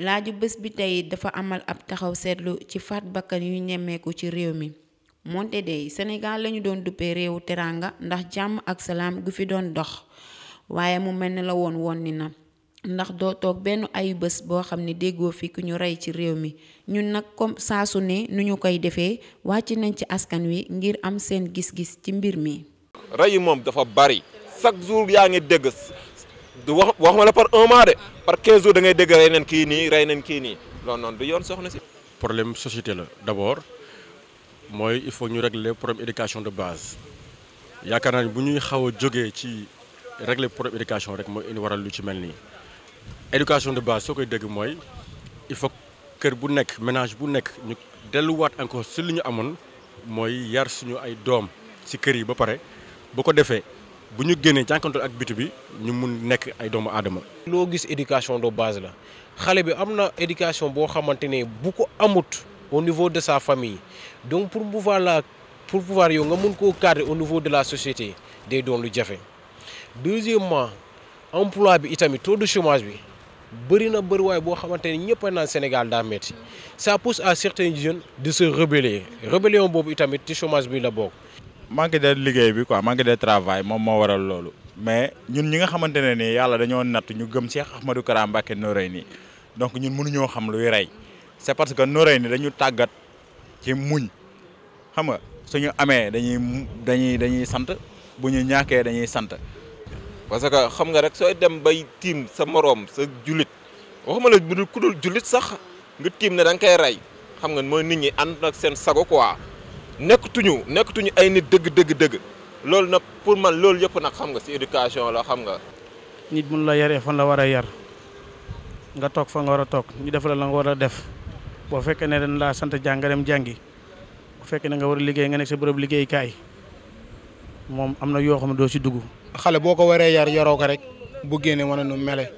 laaju bés bi tey dafa amal ab taxaw seetlu ci faat bakkan yu ñemmeeku ci réew mi moonte dey senegaal lañu doon duppee réewu teranga ndax jàmm ak salaam gu fi doon dox waaye mu mel ne la woon woon ni na ndax doo toog benn ayu bés boo xam ne déggoo fi ku ñu rey ci réew mi ñun nag comme saa su ne nu ñu koy defee wàcc nañ ci askan wi ngir am seen gis-gis ci mbir mi. rey moom dafa bari chaque jour yaa ngi dégg du wax waxuma la par un mois de par 15 jours da ngay dégg rey nañ kii nii rey nañ kii nii loolu noonu du yoon soxna si. problème société la d'abord mooy il faut ñu régle problème éducation de base yaakaar naa ni bu ñuy xaw a jógee ci régler problème éducation rek mooy waral lu ci mel nii éducation de base soo koy dégg mooy il faut kër bu nekk ménage bu nekk ñu delluwaat encore si li ñu amoon mooy yar suñu ay doom si kër yi ba pare bu ko defee. bu ñu génnee ak bitu bi ñu mun nekk ay doomu adama lo gis éducation de base la xalé bi amna éducation bo xamante bu ko amut au niveau de sa famille donc pour pouvoir la pour pouvoir yo nga mun ko cadrer au niveau de la société day doon lu jafé deuxièmement emploi bi itami taux de chômage bi bëri na bëriwaay boo xamante ne ñëpp a Sénégal da metti ça pousse à certains jeunes de se rebeller rébellion bobu itami ci chômage bi la bokk. manque de liggéey bi quoi manque dee travail moom moo waral loolu mais ñun ñi nga xamante ne nii yàlla dañoo natt ñu gëm Cheikh Ahmadou Kara Mbacké Noreyni donc ñun mënuñoo xam luy rey c'est parce que Noreyni dañu tàggat ci muñ xam nga suñu amee dañuy dañuy dañuy sant bu ñu ñàkkee dañuy sant. parce que xam nga rek sooy dem bay tiim sa moroom sa julit waxuma la bu dul ku dul sax nga tiim ne da nga koy rey xam nga mooy nit ñi ànd ak seen sago quoi. nekkatuñu nekkatuñu ay nit dëgg dëgg dëgg loolu nag pour man loolu yëpp nag xam nga ci éducation la xam nga. nit mun la yaree fan la war a yar nga toog fa nga war a toog ñu def la la nga war a def boo fekkee ne dañ laa sant jàng nga dem jàngi bu fekkee ne nga war a liggéey nga nekk sa bërëb liggéeykaay moom am na yoo xam ne doo si dugg. xale boo ko waree yar yoroo ko rek bu génne mën nu mele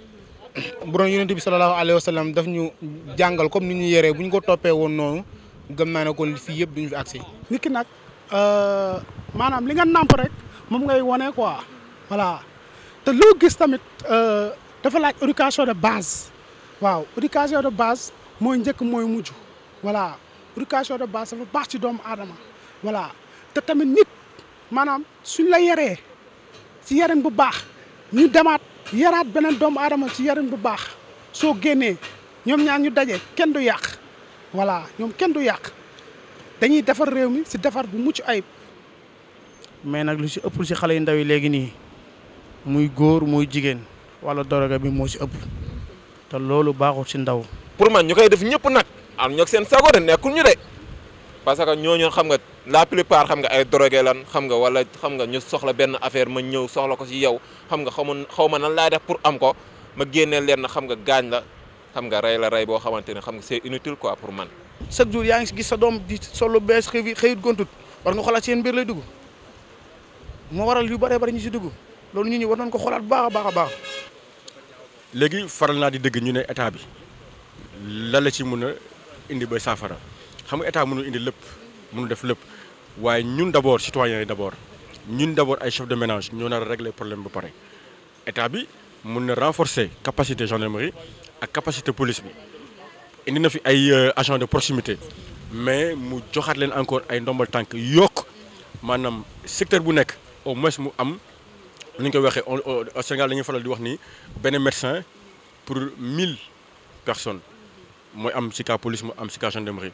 bu doon yonent bi sallallahu alayhi wa sallam daf ñu jàngal comme ni ñu yoree bu ñu ko toppee woon noonu. gëm naa ne kon fii yëpp duñu fi accès. nit ki nag euh, maanaam li nga nàmp rek moom ngay wanee quoi voilà te loo gis tamit euh, dafa laaj éducation de base waaw éducation de baas mooy njëkk mooy mujj voilà éducation de base dafa baax ci doomu aadama voilà te tamit nit maanaam suñ la yaree si yarin bu baax ñu demaat yaraat beneen doomu aadama ci yarin bu baax soo génnee ñoom ñaar ñu daje kenn du yàq. voilà ñoom kenn du yàq dañuy defar réew mi si defar bu mucc ayib. mais nag lu si ëpp si xale yu ndaw yi léegi nii muy góor muy jigéen wala doroga bi moo si ëpp te loolu baaxul si ndaw. pour man ñu koy def ñëpp nag am ñoo seen sago de nekkul ñu de parce que ñooñu xam nga la plupart xam nga ay drogué lan xam nga wala xam nga ñu soxla benn affaire ma ñëw soxla ko si yow xam nga xaw ma xaw ma nan laay def pour am ko ma génnee leen na xam nga gaañ la. xam nga rey la rey boo xamante ne xam nga c'est inutile quoi pour man. chaque jour yaa ngi gis sa doom di solo bees xëy xëyut gontut war nga xoolaat seen mbir lay dugg moo waral yu bare bëri ñu si dugg loolu ñu ñi war nañ ko xoolaat baax a baax a baax. léegi faral naa di dëgg ñu ne état bi lan la ci mun a indi ba saafara xam nga état mënul indi lépp mënul def lépp waaye ñun d'abord citoyens yi d'abord ñun d'abord ay chefs de ménage ñoo nar a régler problème ba pare état bi. mun renforcer capacité gendarmerie la capacité police bi indi na fi ay euh, agents de proximité mais mu joxat encore ay ndombal tank yok manam secteur bu nek au moins mu am ni au Sénégal faral di wax médecin pour mille personnes moy am ci police mu am ci gendarmerie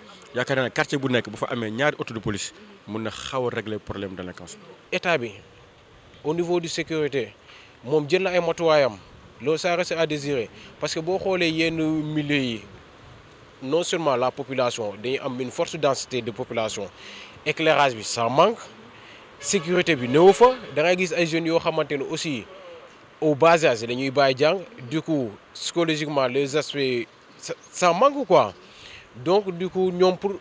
quartier bu nek bu fa ñaari de police mun na xaw régler problème de état au niveau de sécurité mom jël na ay matuwaayam loolu ça reste à désirer parce que bo xolé yenn milieu yi non seulement la population dañuy am une forte densité de population éclairage bi ça manque sécurité bi néew fa da nga gis ay jeunes yo xamanténi aussi au bas âge dañuy baye jang du coup psychologiquement les aspects ça manque quoi donc du coup ñom pour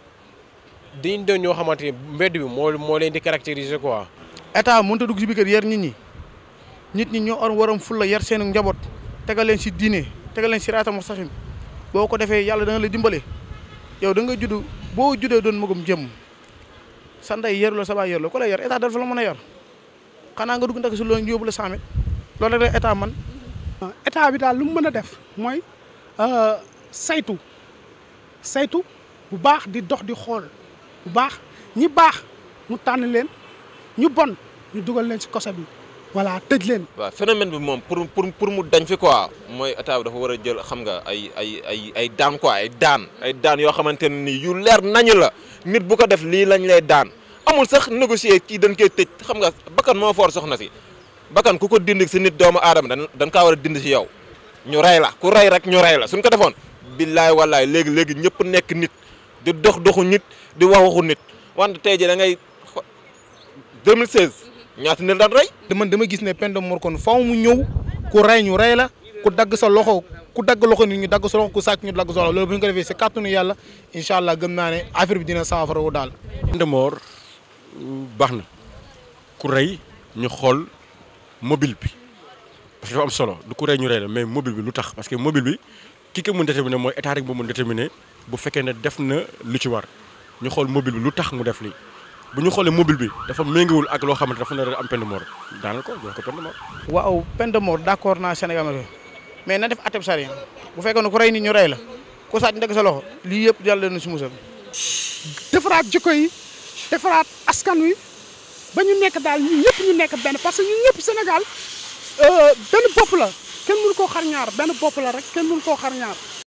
dañ doon ñoo xamante ne bi mo moo leen di caractériser quoi. état mënut ta dugg ci biir kër yar nit ñi. nit ñi ñoo waroon fulla yar seen njabot tégal leen ci diiné tégal leen ci raata mustaxim boko défé yalla da nga lay dimbalé yow da nga judd bo juddé doon magum jëm sa ndey yaru la sa baay yaru lay yar état dafa la mëna yar xana nga dugg ndak si loolu yóbbu la saamit lool rek état man état bi daal lu mëna def moy euh saytu saytu bu baax di dox di xol bu baax ñi baax mu tan leen ñu bon ñu duggal leen ci kosa bi voilà tëj leen. waaw phénomène bi moom pour pour pour mu dañ fi quoi mooy état dafa war a jël xam nga ay ay ay ay daan quoi ay daan ay daan yoo xamante ne nii yu leer nañu la nit bu ko def lii lañ lay daan amul sax négocier kii dañ koy tëj xam nga bakkan moo foor soxna si bakkan ku ko dindi si nit doomu aadama dañ dañ kaa war a dind si yow ñu rey la ku rey rek ñu rey la suñ ko defoon. billaay wallaay léegi léegi ñëpp nekk nit di dox doxu nit di wax waxu nit want tey jii da ngay 2016. ñaata nit daan rey. dama gis ne Penda Mor kon faw mu ñëw ku rey ñu rey la ku dagg sa loxo ku dagg loxo nit ñu dagg sa loxo ku sàcc ñu dagg sa loxo loolu bu ñu ko defee si kàttanu yàlla incha allah gëm naa ne affaire bi dina saafara daal. Penda Mor baax na ku rey ñu xool mobile bi parce solo du ku rey ñu rey la mais mobile bi lu tax parce que mobile bi ki ko mën déterminer mooy état rek moo mën bu fekkee ne def na lu ci war ñu xool mobile bi lu tax mu def lii. bu ñu xoolee mobile bi dafa méngewul ak loo xamante dafa nar a am peine de mort daanal jox ko peine de mort. waaw peine de mort d' accord naa Sénégal mais na def ateb sariya bu fekkoon ne ko rey nit ñu rey la ku sàcc ndeg sa loxo lii yëpp yàlla na si musal. defaraat jikko defaraat askan wi ba ñu nekk daal ñun ñëpp ñu nekk benn parce que ñun ñëpp Sénégal euh, benn bopp la kenn mënu koo xar ñaar benn bopp la rek kenn mënu koo xar